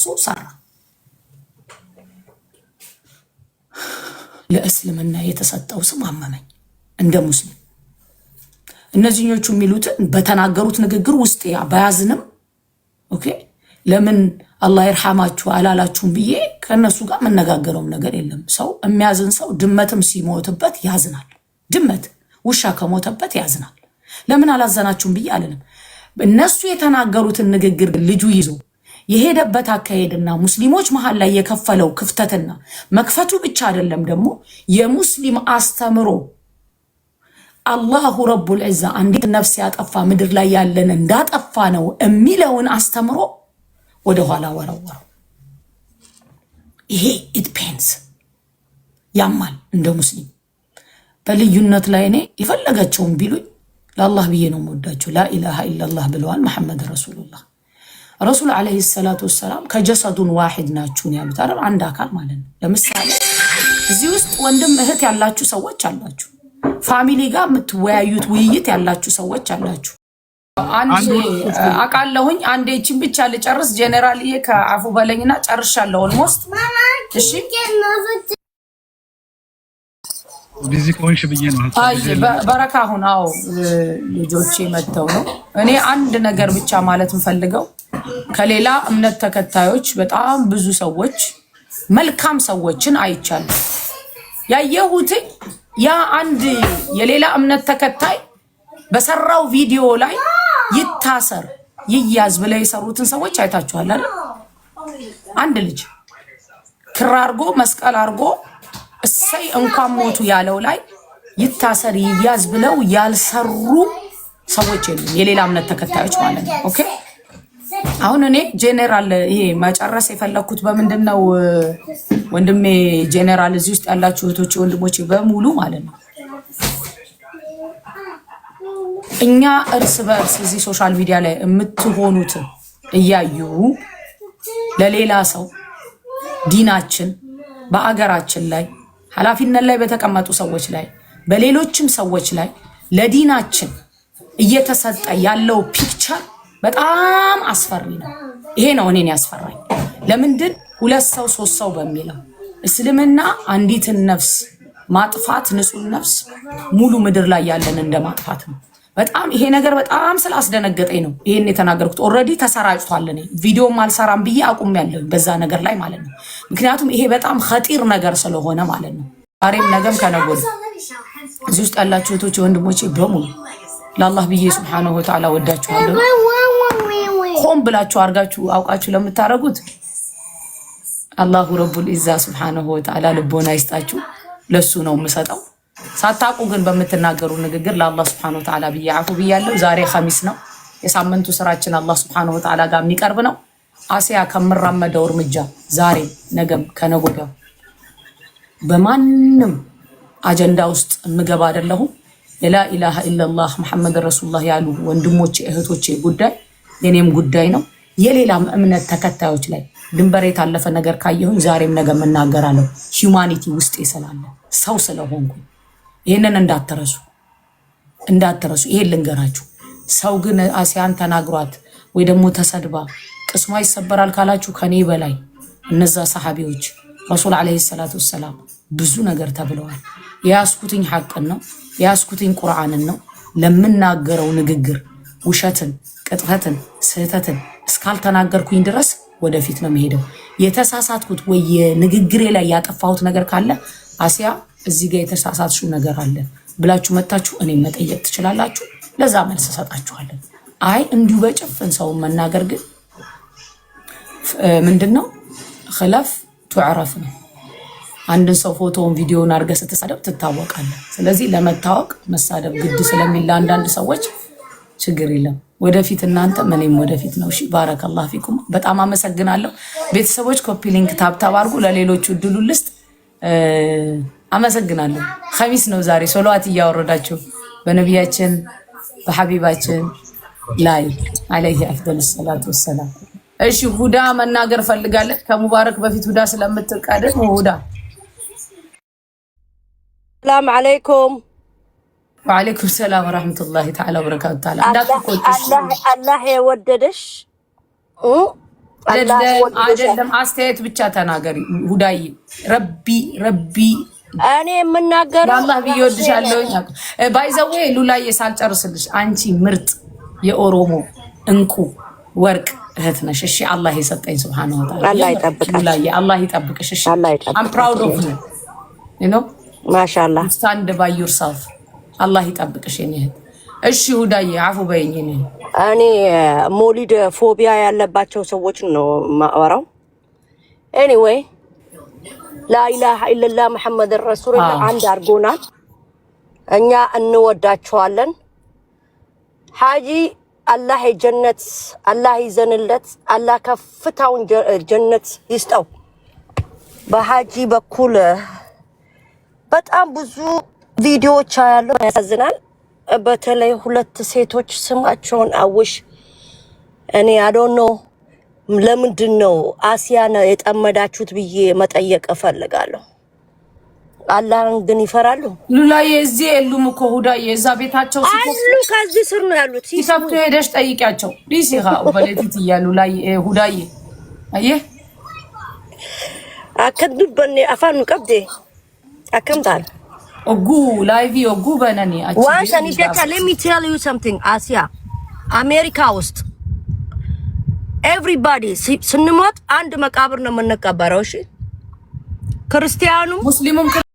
እሱን ሰራ። ለእስልምና የተሰጠው ስም አመመኝ እንደ ሙስሊም። እነዚህኞቹ የሚሉትን በተናገሩት ንግግር ውስጥ በያዝንም ኦኬ ለምን አላህ ይርሐማችሁ አላላችሁም ብዬ ከእነሱ ጋር የምነጋገረውም ነገር የለም። ሰው የሚያዝን ሰው ድመትም ሲሞትበት ያዝናል። ድመት ውሻ ከሞተበት ያዝናል። ለምን አላዘናችሁም ብዬ አልልም። እነሱ የተናገሩትን ንግግር ልጁ ይዞ የሄደበት አካሄድና ሙስሊሞች መሀል ላይ የከፈለው ክፍተትና መክፈቱ ብቻ አይደለም፣ ደግሞ የሙስሊም አስተምሮ አላሁ ረቡል ዒዛ አንዲት ነፍስ ያጠፋ ምድር ላይ ያለን እንዳጠፋ ነው የሚለውን አስተምሮ ወደኋላ ወረወረው። ይሄ ኢትፔንስ ያማል። እንደ ሙስሊም በልዩነት ላይ እኔ የፈለጋቸውን ቢሉኝ ለአላህ ብዬ ነው የምወዳቸው። ላኢላሃ ኢላላህ ብለዋል መሐመድ ረሱሉላህ ረሱል ዓለይሂ ሰላቱ ወሰላም ከጀሰዱን ዋሂድ ናችሁን ያሉት አረብ አንድ አካል ማለት ነው። ለምሳሌ እዚህ ውስጥ ወንድም እህት ያላችሁ ሰዎች አላችሁ። ፋሚሊ ጋር የምትወያዩት ውይይት ያላችሁ ሰዎች አላችሁ። አንድ አቃለሁኝ አንድ ችን ብቻ ልጨርስ። ጄኔራልዬ ከአፉ በለኝና ጨርሻለሁ። ኦልሞስት እሺ ቢዚ ከሆንሽ ብዬ ነው። በረካ አሁን አዎ ልጆቼ መጥተው ነው። እኔ አንድ ነገር ብቻ ማለት የምፈልገው ከሌላ እምነት ተከታዮች በጣም ብዙ ሰዎች መልካም ሰዎችን አይቻለሁ። ያየሁትኝ ያ አንድ የሌላ እምነት ተከታይ በሰራው ቪዲዮ ላይ ይታሰር ይያዝ ብለው የሰሩትን ሰዎች አይታችኋል አይደል? አንድ ልጅ ክር አርጎ መስቀል አርጎ እሰይ እንኳን ሞቱ ያለው ላይ ይታሰር ይያዝ ብለው ያልሰሩ ሰዎች የሉም፣ የሌላ እምነት ተከታዮች ማለት ነው። ኦኬ አሁን እኔ ጄኔራል ይሄ መጨረስ የፈለግኩት በምንድን ነው ወንድሜ ጄኔራል፣ እዚህ ውስጥ ያላችሁ እህቶች ወንድሞች በሙሉ ማለት ነው እኛ እርስ በእርስ እዚህ ሶሻል ሚዲያ ላይ የምትሆኑትን እያዩ ለሌላ ሰው ዲናችን በአገራችን ላይ ኃላፊነት ላይ በተቀመጡ ሰዎች ላይ በሌሎችም ሰዎች ላይ ለዲናችን እየተሰጠ ያለው ፒክቸር በጣም አስፈሪ ነው። ይሄ ነው እኔን ያስፈራኝ። ለምንድን ሁለት ሰው ሶስት ሰው በሚለው እስልምና አንዲትን ነፍስ ማጥፋት ንጹህ ነፍስ ሙሉ ምድር ላይ ያለን እንደ ማጥፋት ነው። በጣም ይሄ ነገር በጣም ስላስደነገጠኝ ነው ይሄን የተናገርኩት። ኦልሬዲ ተሰራጭቷል። እኔ ቪዲዮም አልሰራም ብዬ አቁም ያለው በዛ ነገር ላይ ማለት ነው። ምክንያቱም ይሄ በጣም ኸጢር ነገር ስለሆነ ማለት ነው። ዛሬም ነገም ከነጎል እዚህ ውስጥ ያላችሁ እህቶች ወንድሞቼ በሙሉ ለአላህ ብዬ ስብሓነሁ ወተዓላ ወዳችኋለሁ። ሆን ብላችሁ አድርጋችሁ አውቃችሁ ለምታደርጉት አላሁ ረቡል ኢዛ ስብሓነሁ ወተዓላ ልቦና ይስጣችሁ። ለሱ ነው የምሰጠው። ሳታቁ ግን በምትናገሩ ንግግር ለአላህ ስብሓነሁ ወተዓላ ብዬ አፉ ብያለሁ። ዛሬ ኸሚስ ነው። የሳምንቱ ስራችን አላህ ስብሓነሁ ወተዓላ ጋር የሚቀርብ ነው። አሲያ ከምራመደው እርምጃ ዛሬ፣ ነገም፣ ከነጎዳው በማንም አጀንዳ ውስጥ የምገባ አይደለሁም። የላኢላሃ ኢለላህ መሐመድ ረሱሉላህ ያሉ ወንድሞቼ እህቶቼ ጉዳይ የኔም ጉዳይ ነው። የሌላም እምነት ተከታዮች ላይ ድንበር የታለፈ ነገር ካየሁኝ ዛሬም ነገ የምናገራለሁ። ሂውማኒቲ ውስጤ ስላለ ሰው ስለሆንኩ ይህንን እንዳትረሱ እንዳትረሱ። ይሄን ልንገራችሁ። ሰው ግን አሲያን ተናግሯት ወይ ደግሞ ተሰድባ ቅስሟ ይሰበራል ካላችሁ ከኔ በላይ እነዛ ሰሓቢዎች ረሱል ዓለይሂ ሰላቱ ወሰላም ብዙ ነገር ተብለዋል። የያስኩትኝ ሐቅን ነው የያስኩትኝ ቁርአንን ነው ለምናገረው ንግግር ውሸትን፣ ቅጥፈትን፣ ስህተትን እስካልተናገርኩኝ ድረስ ወደፊት ነው የሚሄደው። የተሳሳትኩት ወይ የንግግሬ ላይ ያጠፋሁት ነገር ካለ አሲያ እዚህ ጋር የተሳሳትሽው ነገር አለ ብላችሁ መታችሁ እኔም መጠየቅ ትችላላችሁ። ለዛ መልስ እሰጣችኋለን። አይ እንዲሁ በጭፍን ሰውን መናገር ግን ምንድን ነው ክለፍ ቱዕረፍ ነው። አንድን ሰው ፎቶውን ቪዲዮን አድርገህ ስትሳደብ ትታወቃለህ። ስለዚህ ለመታወቅ መሳደብ ግድ ስለሚል ለአንዳንድ ሰዎች ችግር የለም። ወደፊት እናንተ እኔም ወደፊት ነው። እሺ፣ ባረከላ ፊኩም። በጣም አመሰግናለሁ ቤተሰቦች። ኮፒ ሊንክ ታብታብ አድርጉ ለሌሎቹ እድሉ ልስጥ። አመሰግናለሁ። ከሚስ ነው ዛሬ ሶሎዋት እያወረዳችሁ በነቢያችን በሐቢባችን ላይ አለይህ አፍደል ሰላት ወሰላም። እሺ፣ ሁዳ መናገር ፈልጋለን። ከሙባረክ በፊት ሁዳ ስለምትቀድም ሁዳ ሰላም አለይኩም ወአለይኩም ሰላም ወራህመቱላሂ ተዓላ ወበረካቱ። ተዓላ አላህ የወደደሽ አይደለም አስተያየት ብቻ ተናገሪ ሁዳይ ረቢ ረቢ እኔ የምናገረው አላህ ቢወድሻለሁ። ባይዘዌ ሉላዬ ሳልጨርስልሽ አንቺ ምርጥ የኦሮሞ እንቁ ወርቅ እህት ነሽ። እሺ አላህ የሰጠኝ ሱብሃነ ወተዓላ አላህ ይጠብቅሽ። እሺ አም ፕራውድ ኦፍ ዩ ዩ ኖ ማሻአላህ ስታንድ ባይ ዩርሰልፍ አላህ ይጠብቅሽ የኔ እሺ ሁዳዬ አፉ በይኝ። እኔ ሞሊድ ፎቢያ ያለባቸው ሰዎች ነው ማወራው። ኤኒዌይ ላኢላሃ ኢለላህ መሐመድ ረሱሉላህ አንድ አድርጎናል። እኛ እንወዳቸዋለን። ሀጂ አላህ የጀነት አላህ ይዘንለት፣ አላህ ከፍታውን ጀነት ይስጠው። በሀጂ በኩል በጣም ብዙ ቪዲዮዎች ያለው ያሳዝናል። በተለይ ሁለት ሴቶች ስማቸውን አውሽ እኔ አዶኖ ለምንድን ነው አሲያን የጠመዳችሁት ብዬ መጠየቅ እፈልጋለሁ። አላህን ግን ይፈራሉ። ሉላዬ እዚህ የሉም እኮ ሁዳዬ፣ እዛ ቤታቸው አሉ። ከዚህ ስር ነው ያሉት። ሲሰብቱ ሄደሽ ጠይቂያቸው። ዲስ ዲሲ በሌቲት እያሉ ላይ ሁዳዬ፣ አየህ አከዱበን አፋኑ ቀብዴ አከምታል Ogu, live Ogu banani achi. Once Aniteta, let me tell you something, Asia. አሜሪካ ውስጥ ኤቭሪባዲ ስንሞት አንድ መቃብር ነው የምንቀበረው። እሺ ክርስቲያኑ ሙስሊሙም